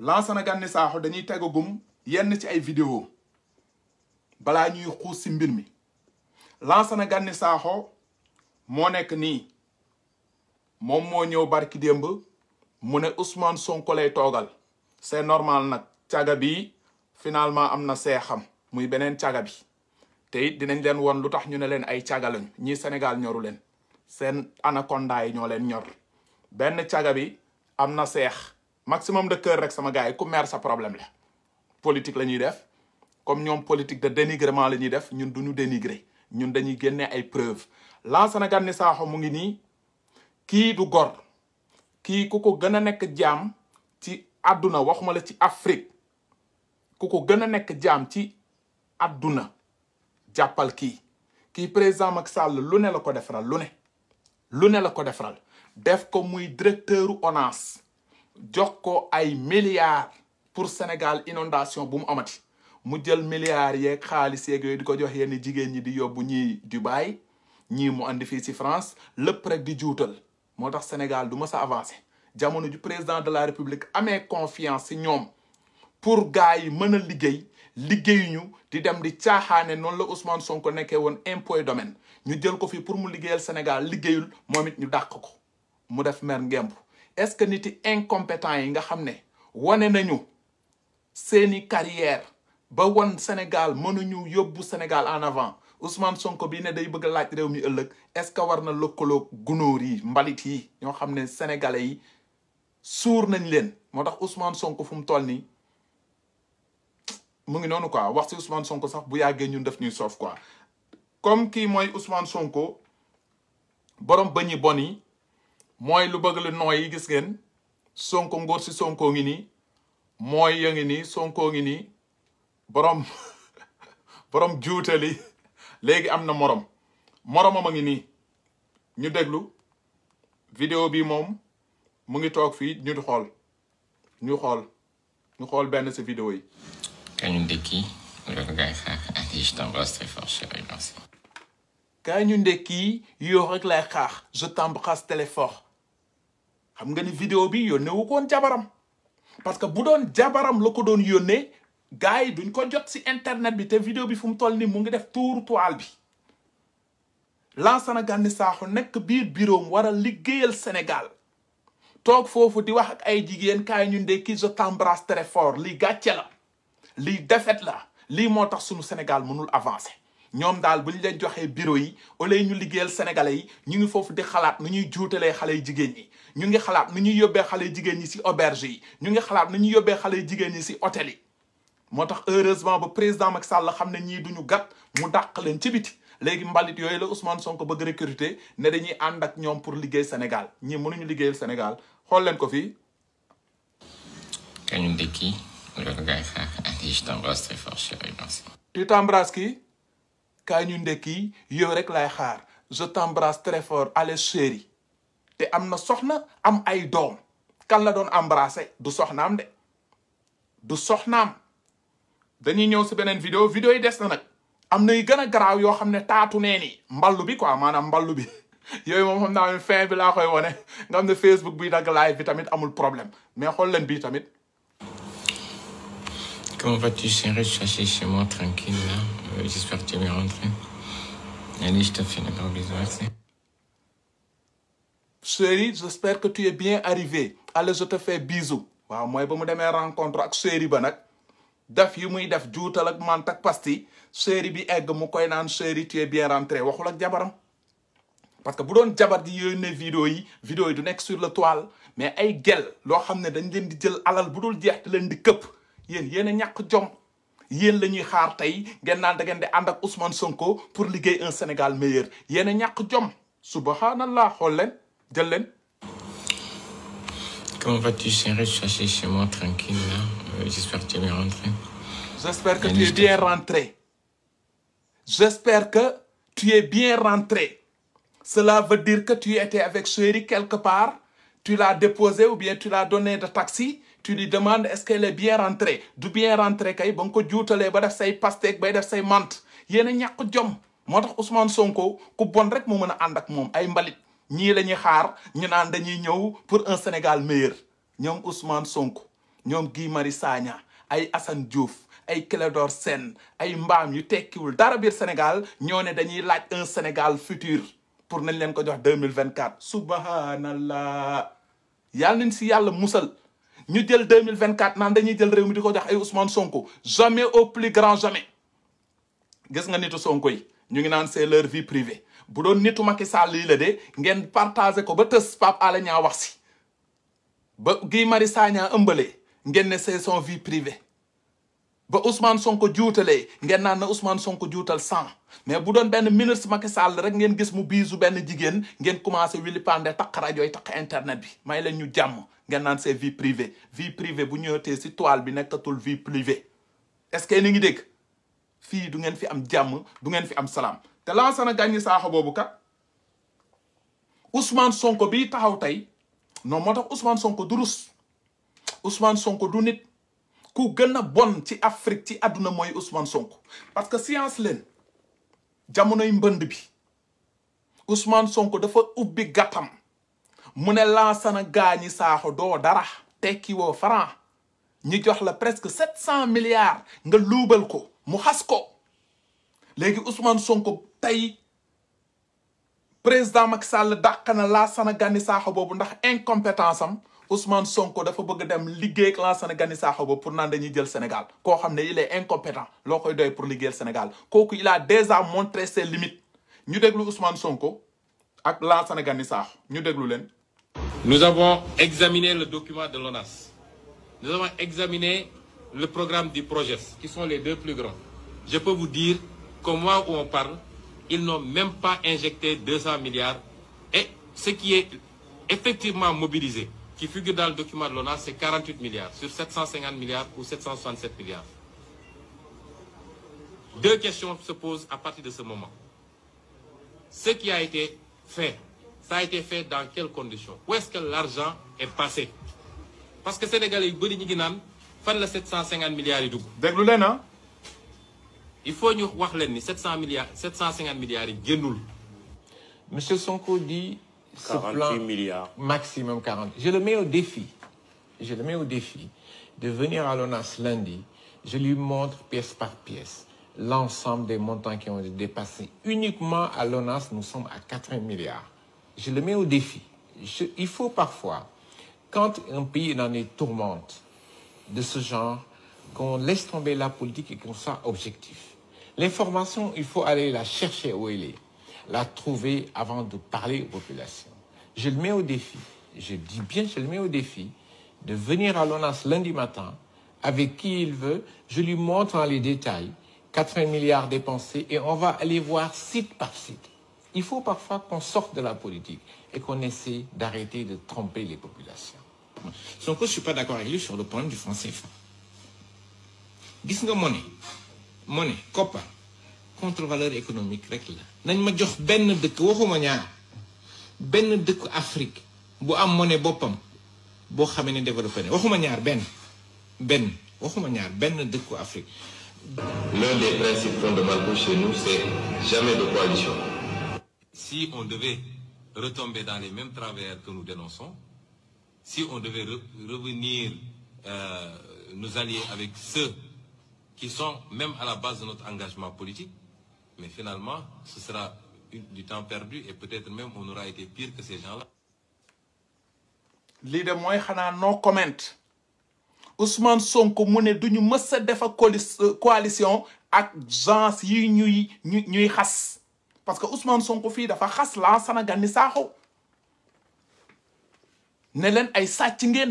Lansana Gagny Sakho dañuy tegagum yenn ci ay vidéo balaa ñuy xuus si mbir mi Lansana Gagny Sakho moo nekk nii moom moo ñëw barki démb mu ne Ousmane Sonko lay toogal c'est normal nag caga bi finalement am na seexam muy beneen caga bi te dinañ leen won lu tax ñu ne leen ay caga lañ ñii Sénégal ñoru leen seen anaconda yi ñoo leen ñor benn caga bi am na seex maximum de cœur rek sama gars yi ku mer sa problème la politique lañuy def comme ñom politique de dénigrement lañuy def ñun duñu dénigrer ñun dañuy génne ay la sénégal Gagné saxo mu ngi ni ki du gor ki ku gëna nek a ci aduna waxuma la ci Afrique ku gëna nek a ci aduna jappal ki ki président mak Sall lu ne la ko defral lu ne lu ne la ko defral def ko muy directeur ONAS jox ko ay milliards pour Sénégal inondation bu mu amati mu jël milliards yeeg xaalis yeeg yooyu di ko jox yenn jigéen ñi di yóbbu ñii Dubaï ñii mu indi fii si France lépp rek di juutal moo tax Sénégal du mës a avancé jamono ju président de la République amee confiance si ñoom pour gars yi mën a liggéey liggéeyuñu di dem di caaxaane noonu la Ousmane Sonko nekkee woon impôt domaine ñu jël ko fii pour mu liggéeyal Sénégal liggéeyul moom it ñu dàq ko mu def mer ngemb est-ce que nit yi incompétent yi nga xam ne wane nañu seeni carrière ba won Sénégal mënuñu yóbbu Sénégal en avant Ousmane Sonko bi ne day bëgg laaj réew mi ëllëg est-ce que war na lëkkaloo gunóor yi mbalit yi ñoo xam ne sénégalais yi suur nañ leen moo tax Ousmane Sonko fu mu toll nii mu ngi noonu quoi wax ci Ousmane Sonko sax bu yàggee ñun def ñuy soof quoi comme kii mooy Ousmane Sonko borom bëñi bon yi moy lu bëgg lu noy gis ngeen sonko ngor Je sonko ngi ya sonko ngi borom borom juutali légui morom je t'embrasse très fort je t'embrasse très fort. xam nga ni vidéo bi yónnee wu ko jabaram parce que bu doon jabaram la ko doon yónnee gars yi duñ ko jot si internet bi te vidéo bi fu mu toll nii mu ngi def tour toile bi. Lansana Gagny Sakho nekk biir bureau am war liggéeyal Sénégal toog foofu di wax ay jigéen kaay ñu ndekki je t'embrasse très fort lii gàcce la lii défaite la lii moo tax sunu Sénégal mënul avancer. ñoom daal bu ñu leen joxee bureau yi au ñu liggéeyal sénégalais yi ñu ngi foofu di xalaat nu ñuy juutalee xale yu jigéen ñi ñu ngi xalaat nu ñuy yóbbee xale jigéen ñi si auberge yi xalaat nu ñuy yóbbee xale yu jigéen ñi si hôtel yi moo tax heureusement ba président Macky Sall xam ne ñii ñu gat mu dàq leen ci biti léegi mbalit yooyu la Ousmane Sonko bëgg recruter ne dañuy ànd ak ñoom pour liggéey Sénégal ñii ñu liggéeyal Sénégal xool leen ko fii kañu ndékki loolu kaay ñu ndekki yow rek lay xaar je t'embrasse très fort allez chérie te am na soxna am ay doom kan la doon embrasser du soxnaam de du soxnaam dañuy ñëw si beneen vidéo vidéo yi des na nag am na yu gën a garaaw yoo xam ne taatu nee ni mballu bi quoi maanaam mballu bi yooyu moom xam naa fin bi laa koy wone nga xam ne Facebook bi dagg live bi tamit amul problème mais xool leen bii tamit Comment vas-tu, chérie chez moi, tranquille, euh, J'espère que tu es rentré. Allez, je te fais un gros bisou, merci. Chérie, j'espère que tu es bien arrivé. Allez, je te fais bisous. ba rencontre ak chérie ba yu def ak pasti tu es bien rentré jabaram parce que bu doon jabar di vidéo yi vidéo yi sur le mais ay gel yéen yéen a jom yéen lañuy xaar tay ngeen naan da ngeen di ak Ousmane Sonko pour liguey un Sénégal meilleur yéen a jom subhanallah xool leen jël Comment vas-tu, chérie? Je suis assis chez moi tranquille là. Euh, j'espère que tu es bien rentré. J'espère que tu es bien rentré. J'espère que tu es bien rentré. Cela veut dire que tu étais avec chérie quelque part tu l'as déposé ou bien tu l'as donné de taxi tu lui demandes est-ce qu'elle est bien rentrée du bien rentrée kay bon ko juutalee ba def say pastèque bay def say menthe yéen a ñàkk jom moo Ousmane Sonko ku bon rek mo meuna a ak mom ay mbalit ñi la xaar ñu naan dañuy ñëw pour un Sénégal meilleur Ñom Ousmane Sonko ñom Guy Mari Sagna ay Assane Diouf ay Clédor Sen, ay Mbam yu tekkiwul dara bir Sénégal ñone dañuy laaj un Sénégal futur pour nañ leen ko jox 2024 subhanallah yàlla nañ si yàlla musal ñu jël 2024 naan dañuy jël réew mi di ko jox ay Ousmane Sonko jamais au plus grand jamais gis nga nitu Sonko yi ñu ngi naan c'est leur vie privée bu doon nitu Macky Sall yi de ngeen partagé ko ba tës Pape Alé Niang wax si ba Guy Marius Sagna ëmbalee ngeen ne c'est son vie privée ba Ousmane Sonko juutalee ngeen naan na Ousmane Sonko juutal cent mais bu doon benn ministre Macky Sall rek ngeen gis mu biisu benn jigéen ngeen commencé wili pande takk rajo yi takk internet bi may leen ñu jàmm ngeen naan c'est vie privée vie privée bu ñëwatee si toile bi nekkatul vie privée est-ce que ni ngi dégg fii du ngeen fi am jàmm du ngeen fi am salaam te Lansana Gagny Sakho boobu kat Ousmane Sonko bi taxaw tey non moo tax Ousmane Sonko du rus Ousmane Sonko du nit ku gën a bon ci Afrique ci àdduna mooy usman Sonko parce que science leen jamonoy mbënd bi Ousmane Sonko dafa ubbi gàttam mu ne Lansana Gagny Sakho doo dara tekki woo franc ñu jox la presque sept cent milliards nga luubal ko mu xas ko léegi Ousmane Sonko tey président Macky Sall dàq na Lansana Gagny Sakho boobu ndax incompétence am Ousmane Sonko dafa bëgg dem liggéey ak Lansana Gagny pour naan dañuy jël Sénégal il est incompétent pour doy pour Sénégal il a déjà montré ses limites ñu déglu Ousmane Sonko ak sax ñu déglu Nous avons examiné le document de l'ONAS. Nous avons examiné le programme du projet qui sont les deux plus grands. Je peux vous dire qu'au moment où on parle, ils n'ont même pas injecté 200 milliards. Et ce qui est effectivement mobilisé, qui figure dans le document de l'ONA, c'est 48 milliards sur 750 milliards ou 767 milliards. Deux questions se posent à partir de ce moment. Ce qui a été fait, ça a été fait dans quelles conditions Où est-ce que l'argent est passé Parce que les Sénégalais, ils ont fan la 750 milliards ah. il faut que nous ni 750 milliards monsieur Sonko dit milliards. maximum 40. Je le mets au défi. Je le mets au défi de venir à l'ONAS lundi. Je lui montre pièce par pièce l'ensemble des montants qui ont été dépassés. Uniquement à l'ONAS, nous sommes à 80 milliards. Je le mets au défi. il faut parfois, quand un pays est dans des tourmentes de ce genre, qu'on laisse tomber la politique et qu'on soit objectif. L'information, il faut aller la chercher où elle est, la trouver avant de parler aux populations je le mets au défi, je dis bien, je le mets au défi, de venir à l'ONAS lundi matin, avec qui il veut, je lui montre dans les détails, 80 milliards dépensés, et on va aller voir site par site. Il faut parfois qu'on sorte de la politique et qu'on essaie d'arrêter de tromper les populations. coup je ne suis pas d'accord avec lui sur le point du franc CFA. gis contre valeur économique rek là. L'un des principes fondamentaux chez nous, c'est jamais de coalition. Si on devait retomber dans les mêmes travers que nous dénonçons, si on devait revenir, euh, nous allier avec ceux qui sont même à la base de notre engagement politique, mais finalement, ce sera du temps perdu et peut-être même on aura été pire que ces gens-là. lii de mooy xanaa non comment Ousmane Sonko mu ne duñu pas a defa coalition ak gens yi ñuy ñuy parce que Ousmane Sonko fii dafa xas Lansana Gagny ça a leen ay Il a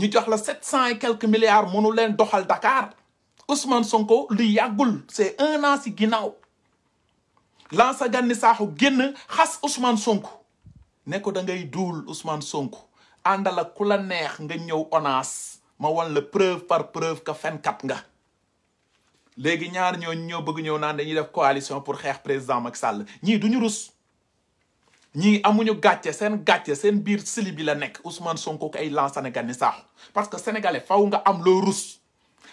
ñu jox la sept cent et quelques milliards pour leen doxal Dakar Ousmane Sonko yagul c'est un an si ginnaaw Lansa Gànni Saaxu génn xas Ousmane Sonko ne ko da ngay duul Ousmane Sonko àndal ak ku la neex nga ñëw ONAS ma wan la preuve par preuve que fenkat nga léegi ñaar ñoo ñoo bëgg ñëw naan dañuy def coalition pour xeex président Macky Sall ñii du ñu rus ñii amuñu gàcce seen gàcce seen biir sili bi la nekk Ousmane Sonko ko ay Lansana Gagny Sakho parce que sénégalais faw nga am loo rus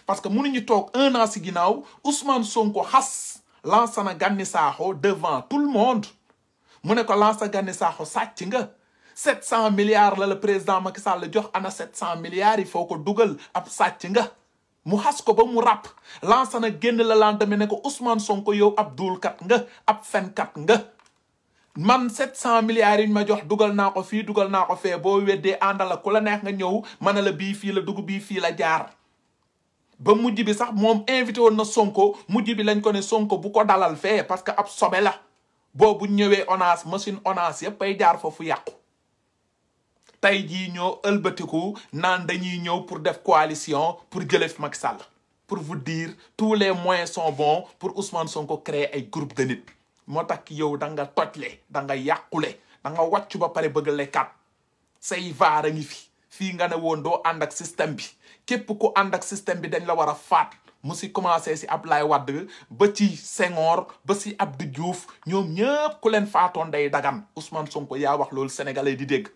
parce que ñu toog un an si ginnaaw Ousmane Sonko xas Lansana Gagny Sakho devant tout le monde mu ne ko Lansana Gagny Sakho sàcc nga 700 milliards la le président Macky Sall la jox ana cent milliards yi foo ko dugal ab sàcc nga mu xas ko ba mu ràpp Lansana génn la lendemain ne ko Ousmane Sonko yow ab duulkat nga ab fenkat nga man cent milliards yi ñu ma jox dugal naa ko fii dugal naa ko fee boo weddee àndal ku la neex nga ñëw mën a la bii fii la dugg bii fii la jaar ba mujj bi sax mom invité Sonko mujj lañ Sonko bu ko dalal parce que ab la ONAS machine ONAS ay jaar fofu vous tay ji ñoo ëlbeutiku naan dañuy ñëw pour def coalition pour pour vous dire tous les moyens sont bons pour Ousmane Sonko créer un groupe de nit. yow da nga da nga yaqulé da nga ngi fii nga ne woon doo ànd ak bi képp ku ànd ak système bi dañ la war a faat mu si commencé si ab Ablaye wadd ba ci sengoor ba si Abdou juuf ñoom ñëpp ku leen faatoon day dagan Ousmane Sonko yaa wax loolu sénégalais di dégg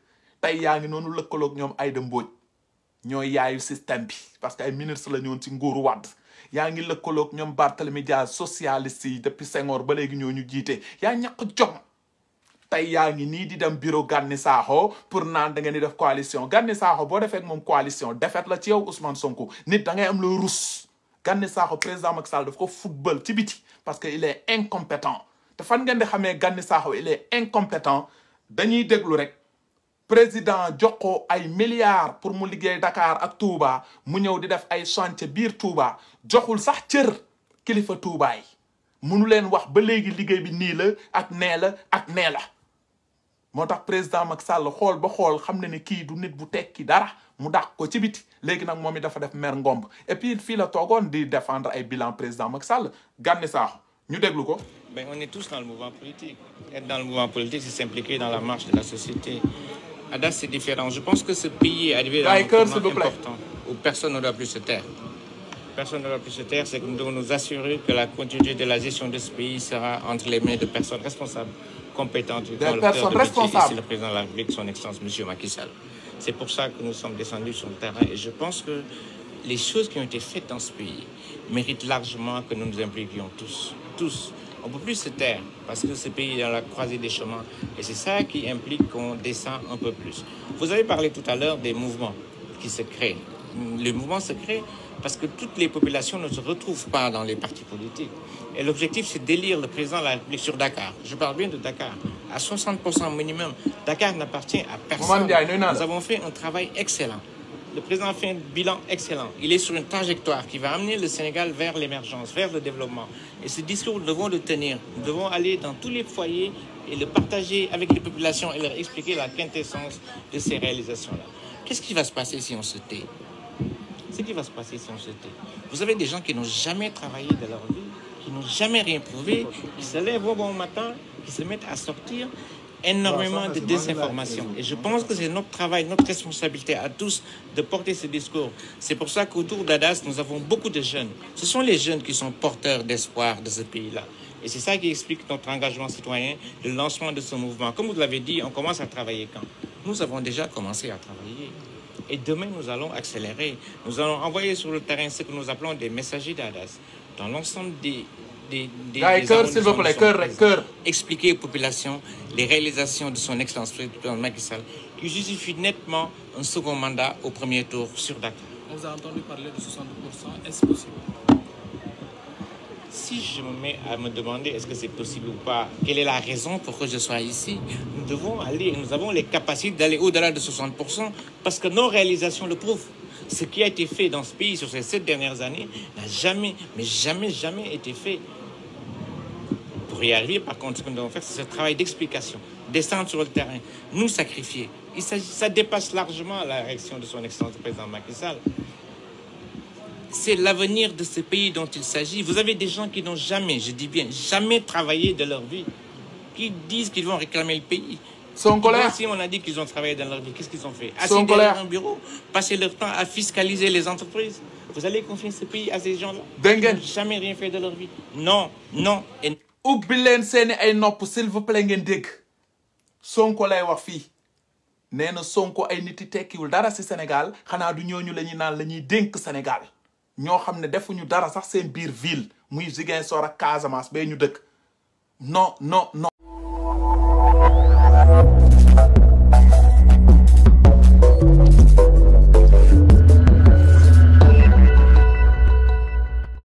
tey yaa ngi noonu lëkkalook ñoom Aïda Mbodj ñoo yaayu système bi parce que ay ministre la ñoon ci nguuru Wade yaa ngi lëkkalook ñoom Barthélemy Dias socialiste yi depuis Senghor ba léegi ñoo ñu jiite yaa ñàkk jom tey yaa ngi nii di dem bureau Gànni Saaxo pour naan da ngeen di def coalition Gànni Saaxo boo defee moom coalition defet la ci yow Ousmane Sonko nit da ngay am loo rus Gànni Saaxo président Macky Sall daf ko football ci parce que il est incompétent te fan ngeen di xamee Gànni Saaxo il est incompétent dañuy déglu rek président jox ko ay milliards pour mu liggéey Dakar ak Touba mu ñëw di def ay chantier biir Touba joxul sax cër kilifa tuubaay yi munu leen wax ba léegi liggéey bi nii la ak nee la ak neela moo président Macky Sall xol ba xol xamné na ki du nit bu tekki dara mu dàq ko ci biti légui nak momi dafa def mer ngomb et puis fi la togone di défendre ay bilan président Macky Sall Gane sax ñu déglu ko. mais ben, on est tous dans le mouvement politique. être dans le mouvement politique c'est s'impliquer dans la marche de la société. à ah, c'est différent je pense que ce pays est arrivé. dans un moment important où personne ne doit plus se taire plus se taire, c'est que nous devons nous assurer que la continuité de la gestion de ce pays sera entre les mains de personnes responsables, compétentes, dans personnes responsables. le président de la République, son excellence, M. Macky Sall. C'est pour ça que nous sommes descendus sur le terrain et je pense que les choses qui ont été faites dans ce pays méritent largement que nous nous impliquions tous, tous. On ne peut plus se taire parce que ce pays est dans la croisée des chemins et c'est ça qui implique qu'on descend un peu plus. Vous avez parlé tout à l'heure des mouvements qui se créent le mouvement se créent parce que toutes les populations ne se retrouvent pas dans les partis politiques. Et l'objectif, c'est d'élire le président de la République sur Dakar. Je parle bien de Dakar. À 60% minimum, Dakar n'appartient à personne. Nous avons fait un travail excellent. Le président a fait un bilan excellent. Il est sur une trajectoire qui va amener le Sénégal vers l'émergence, vers le développement. Et ce discours, nous devons le tenir. Nous devons aller dans tous les foyers et le partager avec les populations et leur expliquer la quintessence de ces réalisations-là. Qu'est-ce qui va se passer si on se tait ce qui va se passer si on se tait. Vous avez des gens qui n'ont jamais travaillé de leur vie, qui n'ont jamais rien prouvé, qui se lèvent au bon matin, qui se mettent à sortir énormément de désinformation. Et je pense que c'est notre travail, notre responsabilité à tous de porter ce discours. C'est pour ça qu'autour d'Adas, nous avons beaucoup de jeunes. Ce sont les jeunes qui sont porteurs d'espoir de ce pays-là. Et c'est ça qui explique notre engagement citoyen, le lancement de ce mouvement. Comme vous l'avez dit, on commence à travailler quand Nous avons déjà commencé à travailler. Et demain, nous allons accélérer. Nous allons envoyer sur le terrain ce que nous appelons des messagers d'Adas dans l'ensemble des des, des, s'il vous plaît, Expliquer aux populations les réalisations de son excellence président Macky qui justifie nettement un second mandat au premier tour sur Dakar. On vous a entendu parler de 60%, est-ce possible si je me mets à me demander est-ce que c'est possible ou pas, quelle est la raison pour que je sois ici, nous devons aller, nous avons les capacités d'aller au-delà de 60% parce que nos réalisations le prouvent. Ce qui a été fait dans ce pays sur ces sept dernières années n'a jamais, mais jamais, jamais été fait. Pour y arriver, par contre, ce que nous devons faire, c'est ce travail d'explication, descendre sur le terrain, nous sacrifier. Il ça dépasse largement la réaction de son excellence président Macky Sall c'est l'avenir de ce pays dont il s'agit. Vous avez des gens qui n'ont jamais, je dis bien, jamais travaillé de leur vie, qui disent qu'ils vont réclamer le pays. Sont en colère. Si on a dit qu'ils ont travaillé dans leur vie, qu'est-ce qu'ils ont fait Assis derrière un bureau, passer leur temps à fiscaliser les entreprises. Vous allez confier ce pays à ces gens-là jamais rien fait de leur vie. Non, non. Et... ubbi leen ay nopp s'il vous plaît ngeen dégg Sonko lay wax fii nee na Sonko ay nit yi dara ci Sénégal xana du ñooñu lañuy naan lañuy dénk Sénégal ñoo xam ne defuñu dara sax seen biir ville mu Ziguinchor ak Casamance bee ñu dëkk non non non.